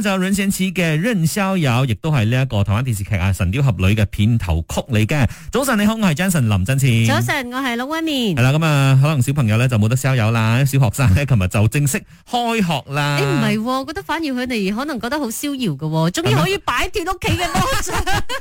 就《逍遙遊》，亦都係呢一個台灣電視劇啊《神鵰俠侶》嘅片頭曲嚟嘅。早晨你好，我係 Jason 林振錢。早晨，我係 Loving。係啦，咁啊，可能小朋友咧就冇得逍遙啦。小學生咧，琴日，就正式開學啦。誒唔係，我覺得反而佢哋可能覺得好逍遙嘅，終於可以擺脫屋企嘅約束，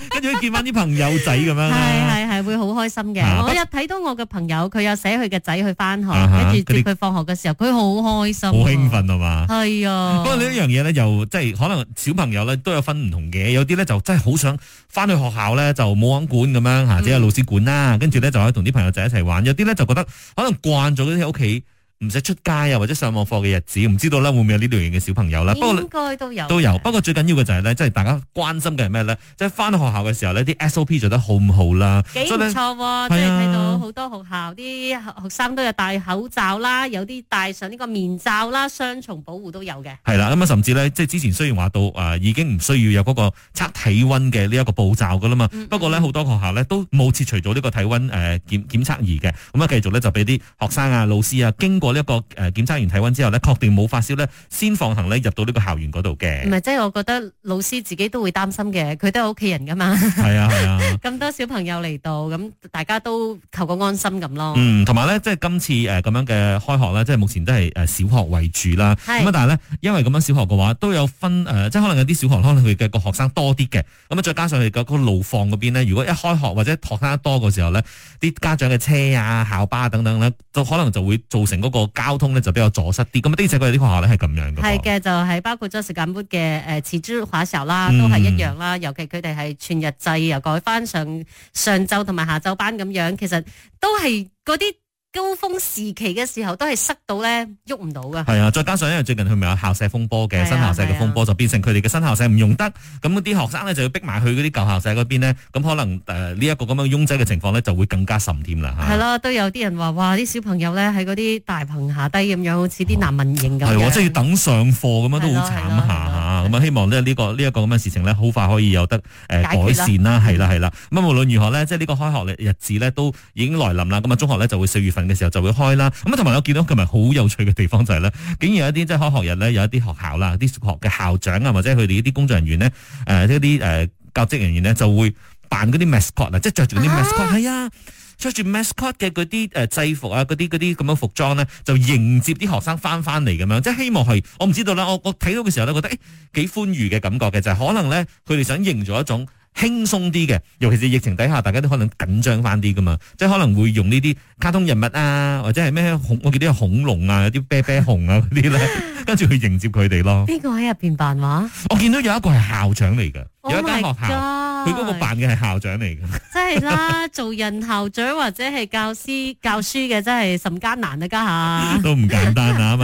跟住佢見翻啲朋友仔咁樣。係係係，會好開心嘅。我有睇到我嘅朋友，佢有寫佢嘅仔去翻學，跟住接佢放學嘅時候，佢好開心，好興奮啊嘛？係啊。不過呢一樣嘢咧，又即係。可能小朋友咧都有分唔同嘅，有啲咧就真係好想翻去學校咧就冇人管咁樣吓，只有老師管啦，跟住咧就可以同啲朋友仔一齊玩；有啲咧就覺得可能慣咗啲喺屋企。唔使出街啊，或者上網課嘅日子，唔知道啦，會唔會有呢類型嘅小朋友啦。不過應該都有都有，不過最緊要嘅就係呢，即係大家關心嘅係咩呢？即係翻學校嘅時候呢，啲 SOP 做得好唔好啦？幾唔錯，所以啊、即係睇到好多學校啲學生都有戴口罩啦，有啲戴上呢個面罩啦，雙重保護都有嘅。係啦，咁甚至呢，即係之前雖然話到啊，已經唔需要有嗰個測體溫嘅呢一個步驟噶啦嘛。不過呢，好多學校呢都冇撤除咗呢個體溫誒檢檢測儀嘅，咁繼續就俾啲學生啊、老師啊經過、嗯。呢個誒，檢測完體溫之後咧，確定冇發燒呢，先放行呢，入到呢個校園嗰度嘅。唔係，即係我覺得老師自己都會擔心嘅，佢都係屋企人噶嘛。係啊，係啊。咁多小朋友嚟到，咁大家都求個安心咁咯。嗯、同埋呢，即係今次誒咁樣嘅開學咧，即係目前都係誒小學為主啦。係。咁但係呢，因為咁樣小學嘅話都有分誒、呃，即係可能有啲小學可能佢嘅個學生多啲嘅。咁啊，再加上佢嘅個路況嗰邊呢，如果一開學或者學生多嘅時候呢，啲家長嘅車啊、校巴等等呢，就可能就會造成嗰、嗰個。個交通咧就比較阻塞啲，咁啊佢哋啲學校咧係咁樣嘅。係嘅，就係、是、包括咗石硖尾嘅誒，持株化時候啦，都係一樣啦。嗯、尤其佢哋係全日制，又改翻上上晝同埋下晝班咁樣，其實都係嗰啲。高峰時期嘅時候都係塞到咧，喐唔到噶。係啊，再加上因為最近佢咪有校舍風波嘅新校舍嘅風波，就變成佢哋嘅新校舍唔用得，咁啲學生呢，就要逼埋去嗰啲舊校舍嗰邊呢。咁可能誒呢一個咁樣擁擠嘅情況呢，就會更加甚添啦。係咯，都有啲人話哇，啲小朋友呢，喺嗰啲大棚下低咁樣，好似啲難民營咁。係，即係要等上課咁樣都好慘下吓，咁啊希望咧呢個呢一個咁嘅事情呢，好快可以有得誒改善啦，係啦係啦。咁無論如何呢，即係呢個開學日子呢，都已經來臨啦，咁啊中學呢，就會四月份。嘅時候就會開啦，咁啊同埋我見到今日好有趣嘅地方就係，是，咧，竟然有一啲即係開學日咧，有一啲學校啦，啲學校嘅校長啊，或者佢哋啲工作人員咧，誒啲，嗯呃、教職人員咧就會扮嗰啲 Mascot 啊，即係着住啲 Mascot，係啊，着住 Mascot 嘅嗰啲制服啊，嗰啲嗰啲咁樣服裝咧，就迎接啲學生翻翻嚟咁樣，即係希望係我唔知道啦，我我睇到嘅時候，欸就是，呢，覺得誒幾寬裕嘅感覺嘅就係可能咧，佢哋想營造一種。輕鬆啲嘅，尤其是疫情底下，大家都可能緊張翻啲噶嘛，即係可能會用呢啲卡通人物啊，或者係咩恐，我見啲有恐龍啊，有啲啤啤熊啊嗰啲咧，跟住 去迎接佢哋咯。邊個喺入邊扮話？我見到有一個係校長嚟嘅，oh、有一間學校。佢嗰個辦嘅係校長嚟嘅，真係啦！ 做人校長或者係教師 教書嘅，真係甚艱難啊！家下都唔簡單 啊！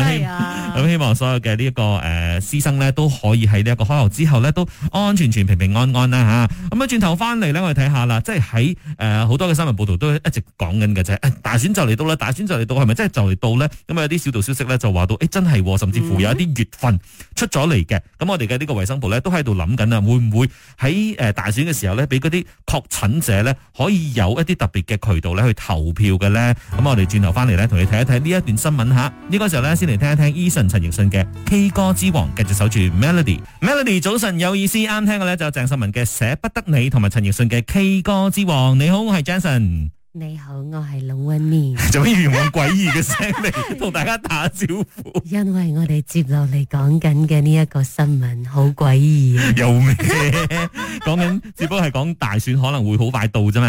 咁希望所有嘅呢一個誒師生咧，都可以喺呢一個開學之後咧，都安安全全、平平安安啦嚇！咁啊，轉、嗯、頭翻嚟咧，我哋睇下啦，即係喺誒好多嘅新聞報道都一直講緊嘅啫，大選就嚟到啦，大選就嚟到，係咪真係就嚟到咧？咁啊，有啲小道消息咧就話到，誒、欸、真係、哦、甚至乎有一啲月份出咗嚟嘅，咁、嗯、我哋嘅呢個衛生部咧都喺度諗緊啊，會唔會喺誒大選嘅？時候咧，俾嗰啲確診者咧，可以有一啲特別嘅渠道咧，去投票嘅咧。咁我哋轉頭翻嚟咧，同你睇一睇呢一段新聞吓。呢個時候咧，先嚟聽一聽 Eason 陳奕迅嘅《K 歌之王》，繼續守住 Melody。Melody 早晨有意思啱聽嘅咧，就鄭秀文嘅《捨不得你》同埋陳奕迅嘅《K 歌之王》。你好，我係 Jason。你好，我係老溫，做乜如此詭異嘅聲嚟同大家打招呼？因為我哋接落嚟講緊嘅呢一個新聞好詭異有咩？講緊 只不過係講大選可能會好快到咋嘛？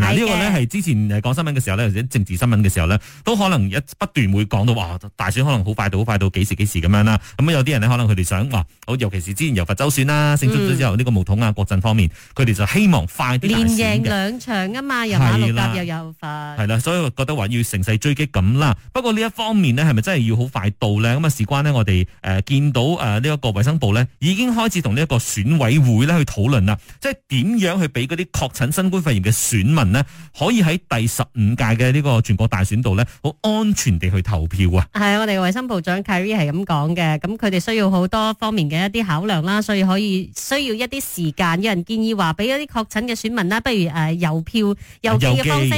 嗱的，呢個呢係之前講新聞嘅時候呢，或者政治新聞嘅時候呢，都可能一不斷會講到話，大選可能好快到，好快到幾時幾時咁樣啦。咁有啲人呢，可能佢哋想話，好尤其是之前由佛州選啦，勝出咗之後呢，嗯，個巫統啊，國陣方面，佢哋就希望快啲連贏兩場啊嘛，又。係啦，所以覺得話要乘勢追擊咁啦。不過呢一方面呢，係咪真係要好快到呢？咁啊，事關呢，我哋誒見到誒呢一個衛生部呢，已經開始同呢一個選委會呢去討論啦。即係點樣去俾嗰啲確診新冠肺炎嘅選民呢，可以喺第十五屆嘅呢個全國大選度呢，好安全地去投票啊！係，我哋衛生部長 Kerry 係咁講嘅。咁佢哋需要好多方面嘅一啲考量啦，所以可以需要一啲時間。有人建議話俾嗰啲確診嘅選民啦，不如誒郵票、郵寄嘅方式。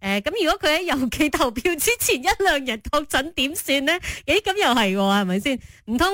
誒，咁、呃、如果佢喺郵寄投票之前一兩日確診點算咧？咦，咁又係喎，係咪先？唔通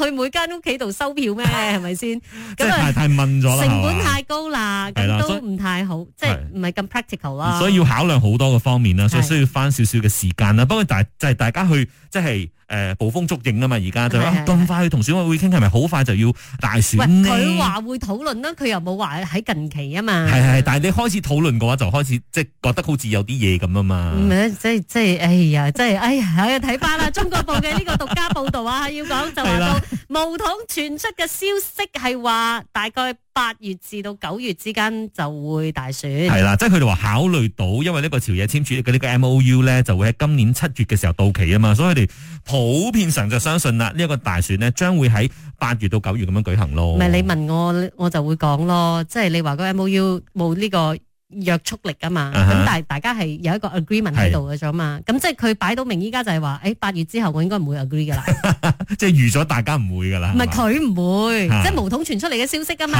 去每間屋企度收票咩？係咪先？即係太太問咗啦，成本太高啦，都唔 太好，即係唔係咁 practical 啊？所以要考量好多個方面啦，所以需要翻少少嘅時間啦。不過大就係大家去即係誒，捕、就是呃、風捉影啊嘛！而家就咁是快去同選委會傾，係咪好快就要大選？佢話會討論啦，佢又冇話喺近期啊嘛。係係，但係你開始討論嘅話，就開始即係覺得好似有。啲嘢咁啊嘛，唔係即係即係，哎呀，即係哎呀，睇翻啦，中國報嘅呢個獨家報導啊，要講就話到巫統傳出嘅消息係話，大概八月至到九月之間就會大選。係啦，即係佢哋話考慮到，因為呢個朝野簽署嘅呢個 M O U 咧，就會喺今年七月嘅時候到期啊嘛，所以佢哋普遍上就相信啦，呢一個大選呢，將會喺八月到九月咁樣舉行咯。唔係你問我，我就會講咯，即係你話個 M O U 冇呢個。約束力噶嘛，咁、uh huh. 但係大家係有一個 agreement 喺度嘅咋嘛，咁是即係佢擺到明依家就係話，誒、欸、八月之後我應該唔會 agree 噶啦， 即係預咗大家唔會噶啦，唔係佢唔會， 即係無統傳出嚟嘅消息噶嘛，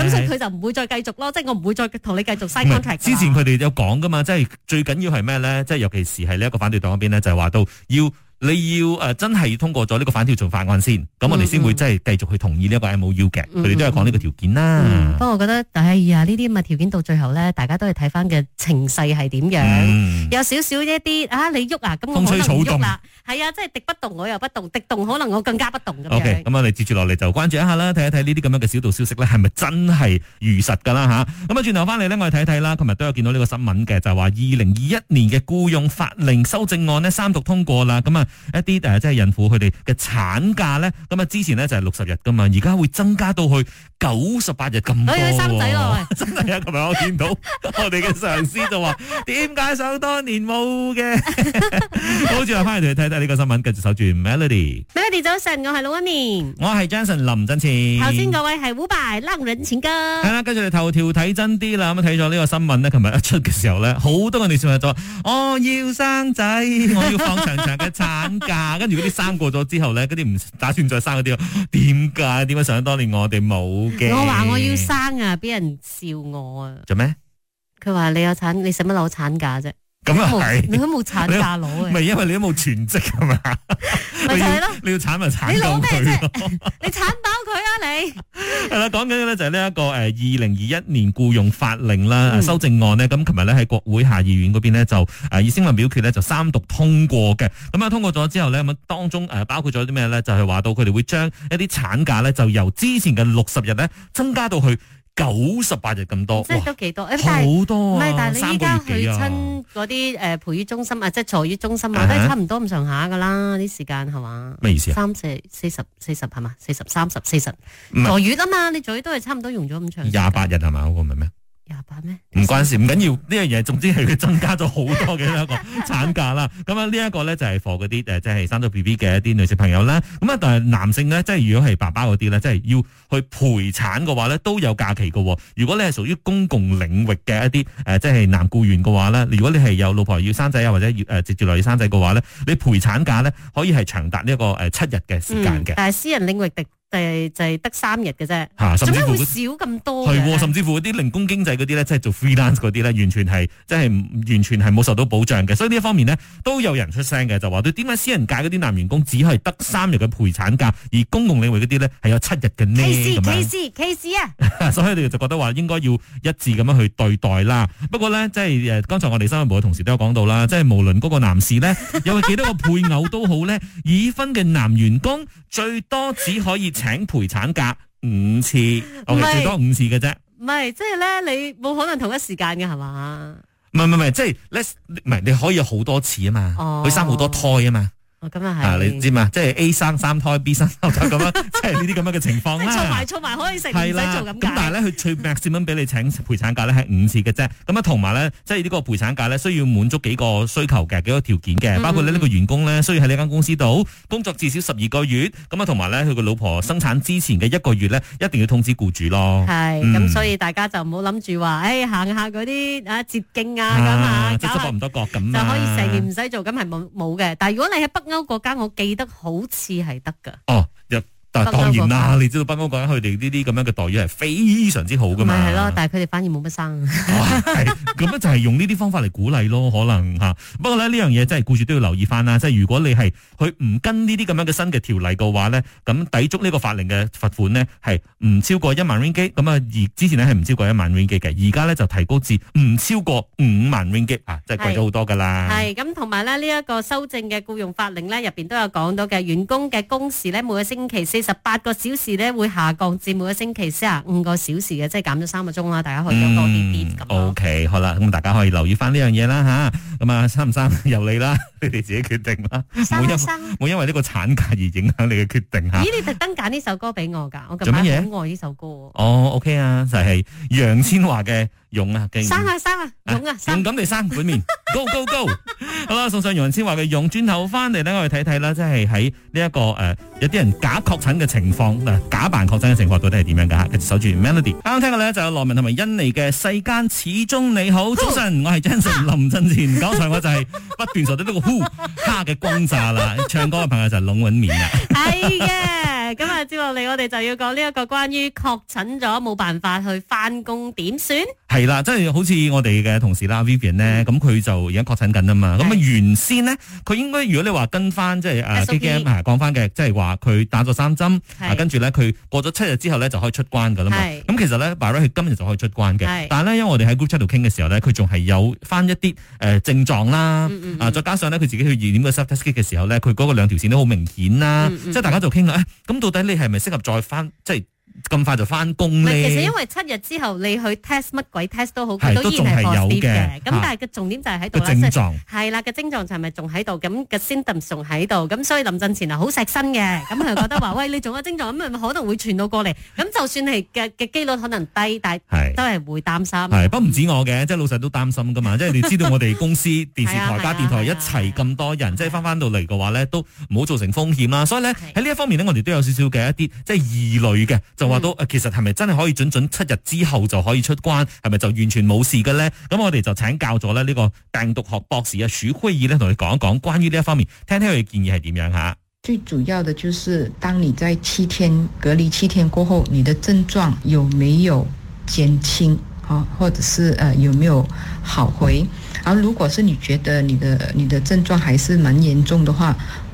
咁 所以佢就唔會再繼續咯，即係 我唔會再同你繼續 sign contract。之前佢哋有講噶嘛，即係最緊要係咩咧，即係尤其是係呢一個反對黨嗰邊咧，就係話到要。你要誒、啊、真係要通過咗呢個反跳槽法案先，咁我哋先會真係繼續去同意呢個 MOU 嘅。佢哋，嗯、都係講呢個條件啦。不過、嗯嗯、我覺得，哎呀呢啲咁嘅條件到最後咧，大家都係睇翻嘅情勢係點樣，嗯、有少少一啲啊，你喐啊，咁我可能唔喐啦。風吹草動。係啊，即係敵不動我又不動，敵動可能我更加不動。O K，咁我哋接住落嚟就關注一下啦，睇一睇呢啲咁樣嘅小道消息咧，係咪真係如實噶啦吓？咁啊，轉頭翻嚟咧，我哋睇睇啦，琴日都有見到呢個新聞嘅，就係話二零二一年嘅僱傭法令修正案呢，三讀通過啦，咁、嗯、啊。一啲誒，即係孕婦佢哋嘅產假咧，咁啊之前咧就係六十日噶嘛，而家會增加到去九十八日咁多。可以生仔咯，真係啊！琴日我見到我哋嘅上司就話，點解想當年冇嘅？好，我哋翻嚟同你睇睇呢個新聞，繼續守住 Melody。Melody 早晨，我係盧安年，我係 Jason 林振前。頭先嗰位係伍柏浪《人情歌》。係啦，跟住我哋頭條睇真啲啦，咁啊睇咗呢個新聞咧，琴日一出嘅時候咧，好多個女小朋友都話我要生仔，我要放長長嘅產產假，跟住嗰啲生過咗之後咧，嗰啲唔打算再生嗰啲，點解？點解想當年我哋冇嘅？我話我要生啊，俾人笑我啊！做咩？佢話你有產，你使乜攞產假啫？咁啊係，你都冇產假攞嘅，唔係因為你都冇全職係嘛？咪就係咯、 啊，你要產咪產你佢咯，你產爆佢啊你！係啦，講緊呢就係呢一個誒二零二一年僱傭法令啦、嗯、修正案呢，咁琴日咧喺國會下議院嗰邊呢就誒以聲望表決呢就三讀通過嘅。咁啊通過咗之後呢，咁當中誒包括咗啲咩咧？就係話到佢哋會將一啲產假咧，就由之前嘅六十日咧增加到去。九十八日咁多，即係都幾多？但好多、啊，唔係是但係你依家去親嗰啲誒，培育中心啊，即係坐月中心啊，都差唔多咁上下噶啦，啲時間係嘛？咩意思啊？三四四十四十係嘛？四十三十四十坐月啊嘛？你最多係差唔多用咗咁長，廿八日係嘛？嗰個唔係咩咩？廿八唔關事，唔緊要呢樣嘢。總之係佢增加咗好多嘅一個產假啦。咁啊呢一個咧就係 for 嗰啲誒，即係生咗 B B 嘅一啲女性朋友啦。咁啊但係男性咧，即係如果係爸爸嗰啲咧，即係要去陪產嘅話咧，都有假期喎。如果你係屬於公共領域嘅一啲誒，即係男雇員嘅話咧，如果你係有老婆要生仔啊，或者要誒直接來要生仔嘅話咧，你陪產假咧可以係長達呢一個誒七日嘅時間嘅，嗯。但係私人領域的就係就係得三日嘅啫，甚至會少咁多？係，甚至乎啲、啊、零工經濟嗰啲咧，即係做 freelance 嗰啲咧，完全係即係完全係冇受到保障嘅。所以呢一方面呢，都有人出聲嘅，就話對點解私人界嗰啲男員工只係得三日嘅陪產假，而公共領域嗰啲咧係有七日嘅呢？歧視歧視歧視啊！ 所以你就覺得話應該要一致咁樣去對待啦。不過咧，即係誒，剛才我哋新聞部嘅同事都有講到啦，即係無論嗰個男士呢，有幾多個配偶都好呢，已婚嘅男員工最多只可以。請陪產假五次，我、okay，哋唔係最多五次嘅啫。唔係，即係咧，你冇可能同一時間嘅係嘛？唔係唔係唔係，即係，唔係你可以好多次啊嘛。佢、哦、生好多胎啊嘛。咁又係，你知嘛？即、就、係、是、A 生三胎 ，B 生三胎咁樣，即係呢啲咁樣嘅情況啦、啊。坐埋 坐埋可以食，唔使做咁假。但係咧，佢 最 maximum 俾你請陪產假咧係五次嘅啫。咁啊同埋咧，即係呢個陪產假咧需要滿足幾個需求嘅，幾個條件嘅，包括你呢個員工咧需要喺呢間公司度工作至少十二個月。咁啊同埋咧，佢個老婆生產之前嘅一個月咧一定要通知僱主咯。係是，咁、嗯、所以大家就唔好諗住話，誒、哎、行下嗰啲啊捷徑啊咁啊，即係多唔多角咁、啊，就可以成年唔使做咁係冇冇嘅。但係如果你喺北歐國家我記得好似係得噶哦。嗱當然啦，你知道北歐國家佢哋呢啲咁樣嘅待遇係非常之好噶嘛，咪係咯？但係佢哋反而冇乜生，咁、哦、 樣就係用呢啲方法嚟鼓勵咯。可能嚇，不過咧呢樣嘢、這個、真係僱主都要留意翻啦。即係如果你係佢唔跟呢啲咁樣嘅新嘅條例嘅話咧，咁抵觸呢個法令嘅罰款呢係唔超過一萬 ringgit。咁啊，而之前咧係唔超過一萬 ringgit 嘅，而家咧就提高至唔超過五萬 ringgit 是啊，即係貴咗好多㗎啦。係咁，同埋咧呢一、這個修正嘅僱用法令咧入邊都有講到嘅，員工嘅工時咧每個星期十八個小時咧會下降至每個星期四十五個小時嘅，即係減咗三個鐘啦。大家可以多啲啲咁 O K，好啦，咁大家可以留意翻呢樣嘢啦吓。咁啊，生唔生由你啦，你哋自己決定啦。唔冇、啊、因為呢、啊、個產假而影響你嘅決定吓。啊、咦，你特登揀呢首歌俾我噶？我近排愛呢首歌。哦，O、okay、K 啊，就係楊千嬅嘅《勇啊生啊生啊，勇啊，勇敢、啊啊啊、地生，本面。 go go go！好啦，送上楊千嬅嘅用，轉頭翻嚟咧，等我哋睇睇啦，即係喺呢一個誒、呃，有啲人假確診嘅情況，嗱假扮確診嘅情況到底係點樣噶？跟住守住 melody，啱啱聽過咧就有羅文同埋甄妮嘅世間始終你好，早晨呼我係甄神林振前，剛才我就係不斷受到呢個呼哈嘅轟炸啦，唱歌嘅朋友就攏穩面啦，係嘅、哎呀。 今日接落嚟我哋就要講呢一個關於確診咗冇辦法去翻工點算？係啦，即係好似我哋嘅同事啦，Vivian 呢，咁佢就而家確診緊啊嘛。咁啊，原先呢，佢應該如果你話跟翻即係誒，GM 講翻嘅，即係話佢打咗三針，跟住呢，佢過咗七日之後呢，就可以出關噶啦嘛。咁其實呢 by the way，佢今日就可以出關嘅。但係呢，因為我哋喺 Groupchat 度傾嘅時候呢，佢仲係有翻一啲誒症狀啦，再加上呢，佢自己去二點個 subtest 嘅時候呢，佢嗰個兩條線都好明顯啦。即係大家就傾啦，到底你係咪適合再翻即係？咁快就翻工咧？其實因為七日之後你去 test 乜鬼 test 都好，都依然係有嘅。咁但係個重點就係喺度啦，症狀係啦嘅症狀就係咪仲喺度？咁嘅 symptom 仲喺度。咁所以林振前啊，好錫身嘅。咁佢覺得話：喂，你仲有症狀，咁咪可能會傳到過嚟。咁就算係嘅嘅機率可能低，但係都係會擔心。係的、嗯，不唔止我嘅，即係老實都擔心㗎嘛。即係你知道我哋公司 電視台加電台一齊咁多人，即係翻翻到嚟嘅話咧，都唔好造成風險啦。所以喺呢一方面的我哋都有少少嘅一啲即係疑慮嘅。就是話都，到其實係咪真係可以準準七日之後就可以出關？係咪就完全冇事嘅呢？咁我哋就請教咗咧呢個病毒學博士啊，許輝儀咧同你講一講關於呢一方面，聽聽佢嘅建議係點樣吓。最主要的就是，當你在七天隔離七天過後，你的症狀有沒有減輕，啊，或者是，啊，有沒有好回？而，啊，如果是你覺得你的你的症狀還是蠻嚴重的話，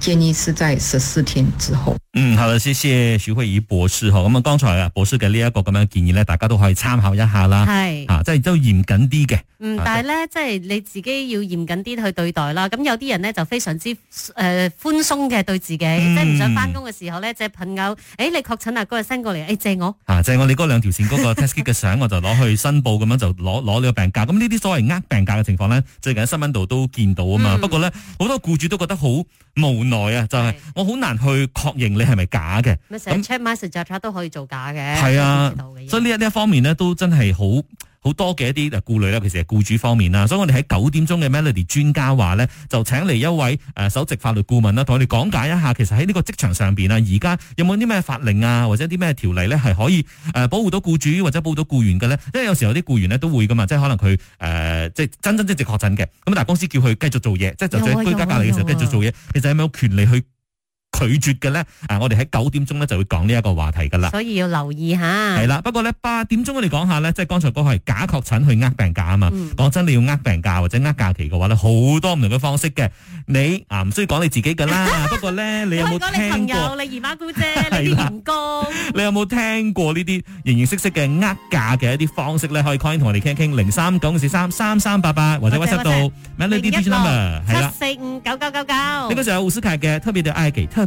建議是在十四天之後。嗯，好啦，謝謝許慧怡博士。咁啊，剛才啊，博士嘅呢一個咁樣建議呢，大家都可以參考一下啦。係是啊，即、就、係、是、都嚴謹啲嘅。嗯不，啊、但係呢，即、就、係、是、你自己要嚴謹啲去對待啦。咁有啲人呢，就非常之誒寬鬆嘅對自己。嗯、即係唔想翻工嘅時候呢，即係朋友，誒、哎，你確診啊，send 過嚟，誒、哎，借我。啊，借我你嗰兩條線嗰個 test kit 嘅相，我就攞去申報咁 樣就攞攞呢個病假。咁呢啲所謂呃病假嘅情況呢，最近喺新聞度都，都見到啊嘛。嗯、不過呢，好多雇主都覺得好。無奈啊，就係、是、對 我好難去確認你係咪假嘅。咁 check 買食雜卡都可以做假嘅，係啊的。所以呢一呢一方面咧，都真係好。好多嘅一啲顧慮啦，其實係僱主方面啦，所以我哋喺九點鐘嘅 Melody 專家話咧，就請嚟一位誒、呃、首席法律顧問啦，同我哋講解一下，其實喺呢個職場上邊，啊，而家有冇啲咩法令啊，或者啲咩條例咧，係可以誒、呃、保護到僱主或者保護到僱員嘅咧？因為有時候啲僱員咧都會噶嘛，即係可能佢誒、呃、即係真真正正確診嘅，咁但係公司叫佢繼續做嘢，即係就在居家隔離嘅時候繼續做嘢，其實有冇有權利去拒絕嘅咧，啊，我哋喺九點鐘咧就會講呢一個話題噶啦，所以要留意吓。係啦，不過咧八點鐘我哋講下咧，即係剛才嗰個係假確診去呃病假啊嘛。講真，你要呃病假或者呃假期嘅話咧，好多唔同嘅方式嘅。你啊唔需要講你自己噶啦，不過咧你有冇聽過你姨媽姑姐呢啲員工？你有冇聽過呢啲形形色色嘅呃假嘅一啲方式咧？可以 kindly 同我哋傾一傾，零三九四三三三八八或者 WhatsApp 到，send 你啲 phone number，七四五九九九九。呢個就係烏斯凱嘅特別嘅埃及特。